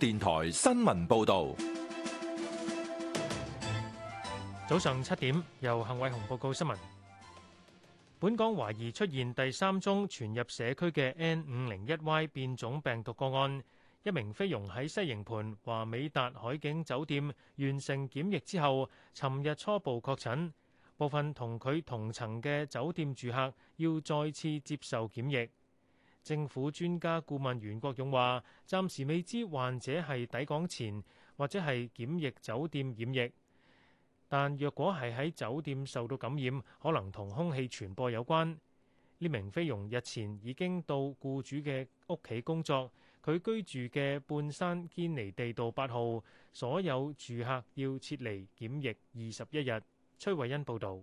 電台新聞報道，早上七點由幸偉雄報告新聞。本港懷疑出現第三宗傳入社區嘅 N 五零一 Y 變種病毒個案，一名菲傭喺西營盤華美達海景酒店完成檢疫之後，尋日初步確診，部分同佢同層嘅酒店住客要再次接受檢疫。政府專家顧問袁國勇話，暫時未知患者係抵港前或者係檢疫酒店染疫，但若果係喺酒店受到感染，可能同空氣傳播有關。呢名菲傭日前已經到雇主嘅屋企工作，佢居住嘅半山堅尼地道八號，所有住客要撤離檢疫二十一日。崔慧欣報導。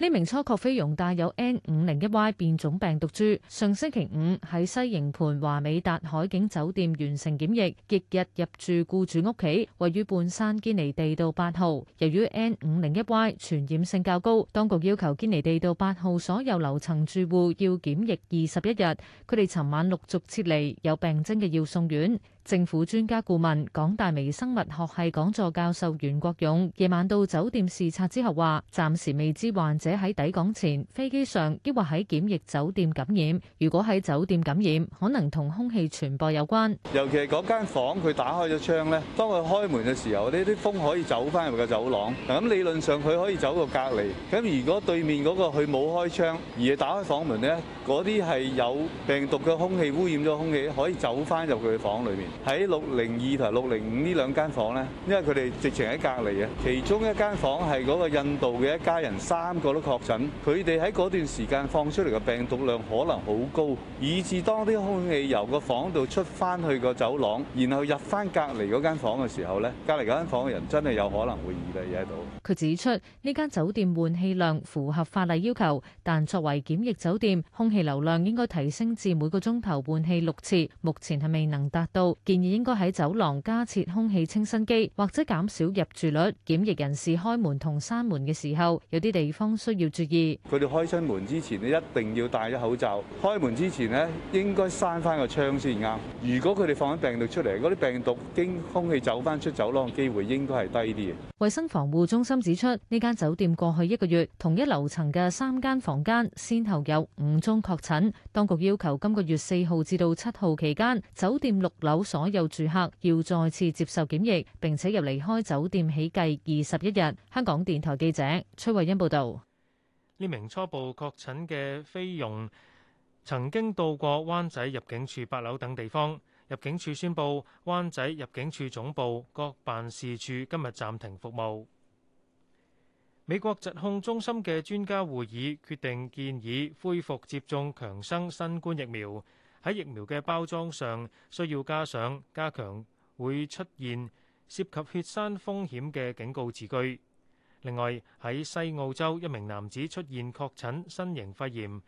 呢名初確菲傭帶有 N 五零一 Y 變種病毒株，上星期五喺西營盤華美達海景酒店完成檢疫，翌日入住雇主屋企，位於半山堅尼地道八號。由於 N 五零一 Y 傳染性較高，當局要求堅尼地道八號所有樓層住戶要檢疫二十一日，佢哋尋晚陸續撤離，有病徵嘅要送院。政府專家顧問、港大微生物學系講座教授袁國勇夜晚到酒店視察之後話，暫時未知患者喺抵港前飛機上，抑或喺檢疫酒店感染。如果喺酒店感染，可能同空氣傳播有關。尤其係嗰間房佢打開咗窗咧，當佢開門嘅時候，呢啲風可以走翻入個走廊。嗱，咁理論上佢可以走過隔離。咁如果對面嗰個佢冇開窗而係打開房門咧，嗰啲係有病毒嘅空氣污染咗空氣，可以走翻入佢房裏面。喺六零二同六零五呢兩間房呢，因為佢哋直情喺隔離啊。其中一間房係嗰個印度嘅一家人，三個都確診。佢哋喺嗰段時間放出嚟嘅病毒量可能好高，以至當啲空氣由個房度出翻去個走廊，然後入翻隔離嗰間房嘅時候，呢隔離嗰間房嘅人真係有可能會喺度。佢指出，呢間酒店換氣量符合法例要求，但作為檢疫酒店，空氣流量應該提升至每個鐘頭換氣六次，目前係未能達到。建議應該喺走廊加設空氣清新機，或者減少入住率。檢疫人士開門同閂門嘅時候，有啲地方需要注意。佢哋開親門之前呢，一定要戴咗口罩。開門之前呢，應該閂翻個窗先啱。如果佢哋放咗病毒出嚟，嗰啲病毒經空氣走翻出走廊嘅機會應該係低啲嘅。衛生防護中心指出，呢間酒店過去一個月同一樓層嘅三間房間，先後有五宗確診。當局要求今個月四號至到七號期間，酒店六樓所所有住客要再次接受檢疫，並且入離開酒店起計二十一日。香港電台記者崔慧欣報道。呢名初步確診嘅菲傭曾經到過灣仔入境處八樓等地方。入境處宣布，灣仔入境處總部各辦事處今日暫停服務。美國疾控中心嘅專家會議決定建議恢復接種強生新冠疫苗。喺疫苗嘅包裝上需要加上加強會出現涉及血栓風險嘅警告字句。另外，喺西澳洲一名男子出現確診新型肺炎，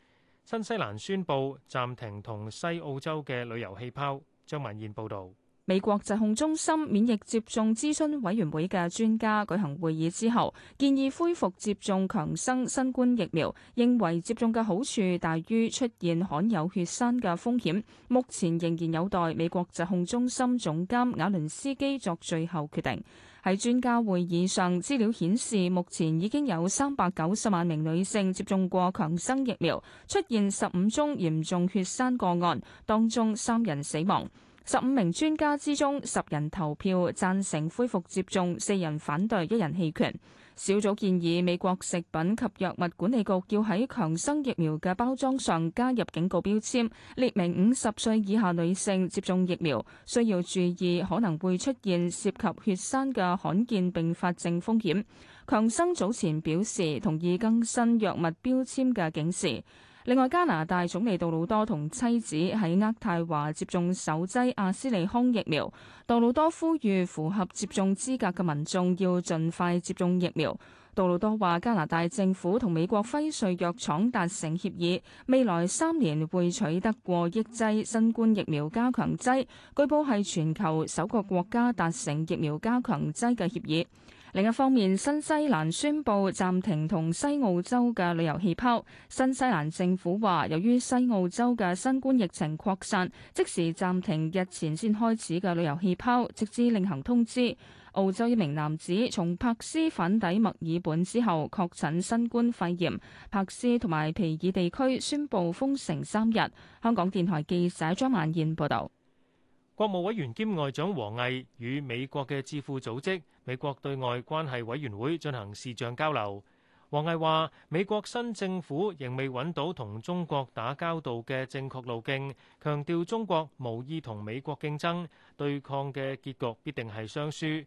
新西蘭宣布暫停同西澳洲嘅旅遊氣泡。張文燕報道。美國疾控中心免疫接種諮詢委員會嘅專家舉行會議之後，建議恢復接種強生新冠疫苗，認為接種嘅好處大於出現罕有血栓嘅風險。目前仍然有待美國疾控中心總監瓦倫斯基作最後決定。喺專家會議上，資料顯示目前已經有三百九十萬名女性接種過強生疫苗，出現十五宗嚴重血栓個案，當中三人死亡。十五名專家之中，十人投票贊成恢復接種，四人反對，一人棄權。小組建議美國食品及藥物管理局要喺強生疫苗嘅包裝上加入警告標籤，列明五十歲以下女性接種疫苗需要注意可能會出現涉及血栓嘅罕見並發症風險。強生早前表示同意更新藥物標籤嘅警示。另外，加拿大總理杜魯多同妻子喺渥太華接種首劑阿斯利康疫苗。杜魯多呼籲符合接種資格嘅民眾要盡快接種疫苗。杜魯多話加拿大政府同美國輝瑞藥廠達成協議，未來三年會取得過億劑新冠疫苗加強劑，據報係全球首個國家達成疫苗加強劑嘅協議。另一方面，新西蘭宣布暫停同西澳洲嘅旅遊氣泡，新西蘭政府話由於西澳洲嘅新冠疫情擴散，即時暫停日前先開始嘅旅遊氣泡，直至另行通知。澳洲一名男子從柏斯返抵墨爾本之後確診新冠肺炎，柏斯同埋皮爾地區宣佈封城三日。香港電台記者張萬燕報道。國務委員兼外長王毅與美國嘅智庫組織、美國對外關係委員會進行視像交流。王毅話：美國新政府仍未揾到同中國打交道嘅正確路徑，強調中國無意同美國競爭，對抗嘅結局必定係雙輸。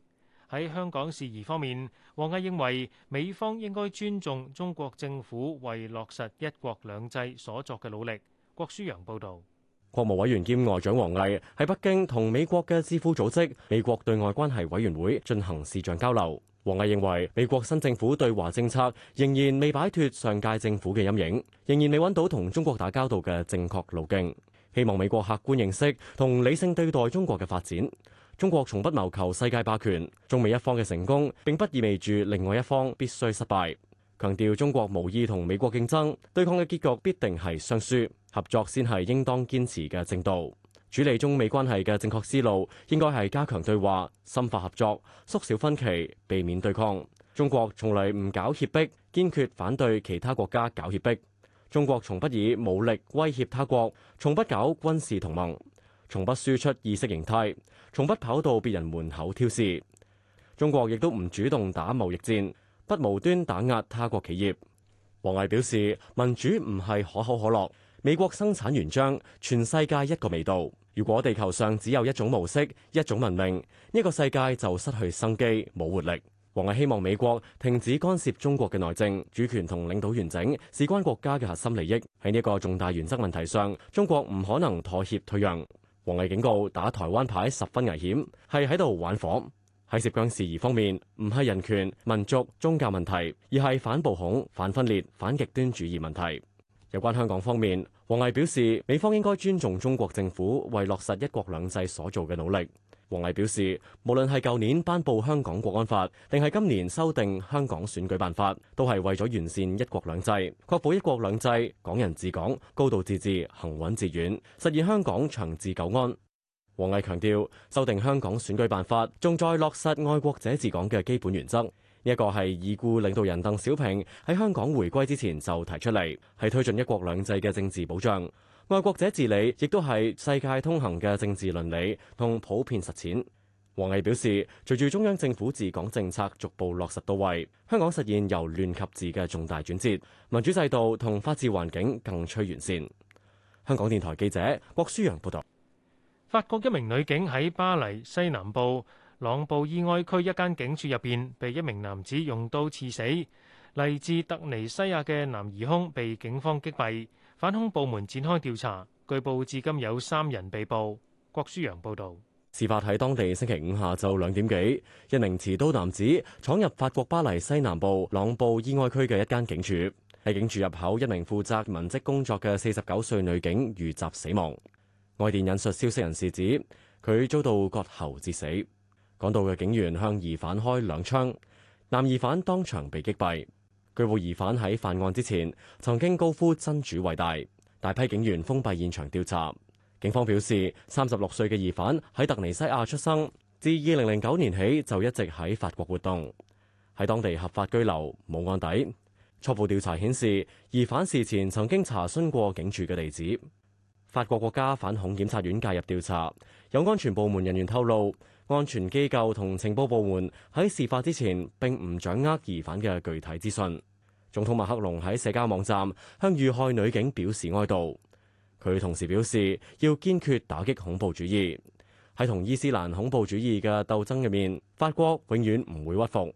喺香港事宜方面，王毅認為美方應該尊重中國政府為落實一國兩制所作嘅努力。郭舒陽報導。國務委員兼外長王毅喺北京同美國嘅智庫組織、美國對外關係委員會進行視像交流。王毅認為，美國新政府對華政策仍然未擺脫上屆政府嘅陰影，仍然未揾到同中國打交道嘅正確路徑。希望美國客觀認識同理性對待中國嘅發展。中國從不謀求世界霸權。中美一方嘅成功，並不意味住另外一方必須失敗。強調中國無意同美國競爭，對抗嘅結局必定係雙輸。合作先係應當堅持嘅正道，處理中美關係嘅正確思路應該，係加強對話、深化合作、縮小分歧、避免對抗。中國從來唔搞脅迫，堅決反對其他國家搞脅迫。中國從不以武力威脅他國，從不搞軍事同盟，從不輸出意識形態，從不跑到別人門口挑事。中國亦都唔主動打貿易戰，不無端打壓他國企業。王毅表示：民主唔係可口可樂。美國生產原漿，全世界一個味道。如果地球上只有一種模式、一種文明、呢個世界，就失去生機、冇活力。王毅希望美國停止干涉中國嘅內政、主權同領導完整，事關國家嘅核心利益。喺呢個重大原則問題上，中國唔可能妥協退讓。王毅警告：打台灣牌十分危險，係喺度玩火。喺涉疆事宜方面，唔係人權、民族、宗教問題，而係反暴恐、反分裂、反極端主義問題。有關香港方面，王毅表示，美方應該尊重中國政府為落實一國兩制所做嘅努力。王毅表示，無論係舊年頒布香港國安法，定係今年修訂香港選舉辦法，都係為咗完善一國兩制，確保一國兩制、港人治港、高度自治、行穩致遠，實現香港長治久安。王毅強調，修訂香港選舉辦法，重在落實愛國者治港嘅基本原則。一個係已故領導人鄧小平喺香港回歸之前就提出嚟，係推進一國兩制嘅政治保障，愛國者治理亦都係世界通行嘅政治倫理同普遍實踐。王毅表示，隨住中央政府治港政策逐步落實到位，香港實現由亂及治嘅重大轉折，民主制度同法治環境更趨完善。香港電台記者郭舒揚報道：「法國一名女警喺巴黎西南部朗布依埃區一間警署入邊，被一名男子用刀刺死。嚟自突尼西亞嘅男疑兇被警方擊斃，反恐部門展開調查，據報至今有三人被捕。郭書陽報道。事發喺當地星期五下晝兩點幾，一名持刀男子闖入法國巴黎西南部朗布依埃區嘅一間警署，喺警署入口一名負責文職工作嘅四十九歲女警遇襲死亡。外電引述消息人士指，佢遭到割喉致死。趕到嘅警員向疑犯開兩槍，男疑犯當場被擊斃。據報，疑犯喺犯案之前曾經高呼真主偉大。大批警員封閉現場調查。警方表示，三十六歲嘅疑犯喺突尼西亞出生，自二零零九年起就一直喺法國活動，喺當地合法居留，冇案底。初步調查顯示，疑犯事前曾經查詢過警署嘅地址。法國國家反恐檢察院介入調查。有安全部門人員透露，安全機構同情報部門喺事發之前並唔掌握疑犯嘅具體資訊。總統馬克龍喺社交網站向遇害女警表示哀悼。佢同時表示要堅決打擊恐怖主義，喺同伊斯蘭恐怖主義嘅鬥爭入面，法國永遠唔會屈服。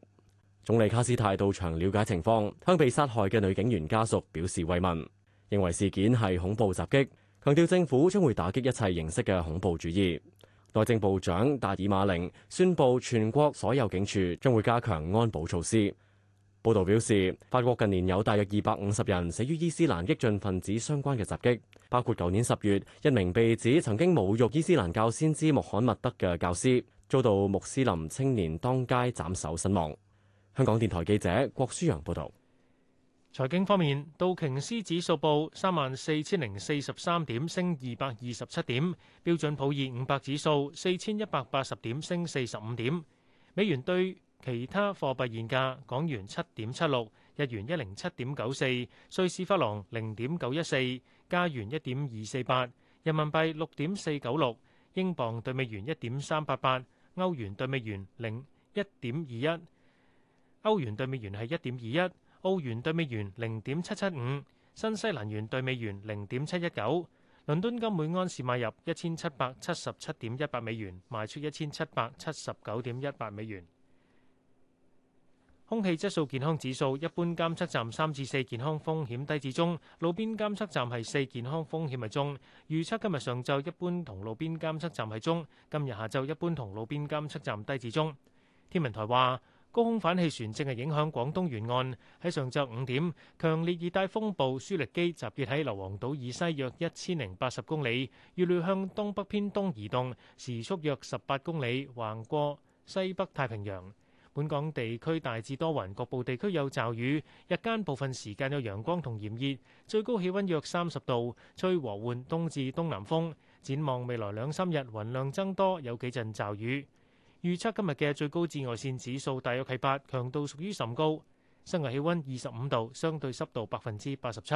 總理卡斯泰到場了解情況，向被殺害嘅女警員家屬表示慰問，認為事件係恐怖襲擊，強調政府將會打擊一切形式嘅恐怖主義。內政部長達爾馬寧宣布，全國所有警署將會加強安保措施。報道表示，法國近年有大約二百五十人死於伊斯蘭激進分子相關嘅襲擊，包括舊年十月一名被指曾經侮辱伊斯蘭教先知穆罕默德嘅教師，遭到穆斯林青年當街斬首身亡。香港電台記者郭舒揚報道。財經方面，道瓊斯指數報三萬四千零四十三點，升二百二十七點；標準普爾五百指數四千一百八十點，升四十五點。美元對其他貨幣現價：港元七點七六，日元一零七點九四，瑞士法郎零點九一四，加元一點二四八，人民幣六點四九六，英鎊對美元一點三八八，歐元對美元零一點二一，歐元對美元係一點二一。澳元兌美元零點七七五，新西蘭元兌美元零點七一九。倫敦金每安士買入一千七百七十七點一八美元，賣出一千七百七十九點一八美元。空氣質素健康指數，一般監測站三至四，健康風險低至中；路邊監測站係四，健康風險係中。預測今日上晝一般同路邊監測站係中，今日下晝一般同路邊監測站低至中。天文台話。高空反氣旋正係影響廣東沿岸。喺上晝五點，強烈熱帶風暴舒力基集結喺硫磺島以西約一千零八十公里，預料向東北偏東移動，時速約十八公里，橫過西北太平洋。本港地區大致多雲，局部地區有驟雨。日間部分時間有陽光同炎熱，最高氣温約三十度，吹和緩東至東南風。展望未來兩三日，雲量增多，有幾陣驟雨。預測今日嘅最高紫外線指數大約係八，強度屬於甚高。室外氣溫二十五度，相對濕度百分之八十七。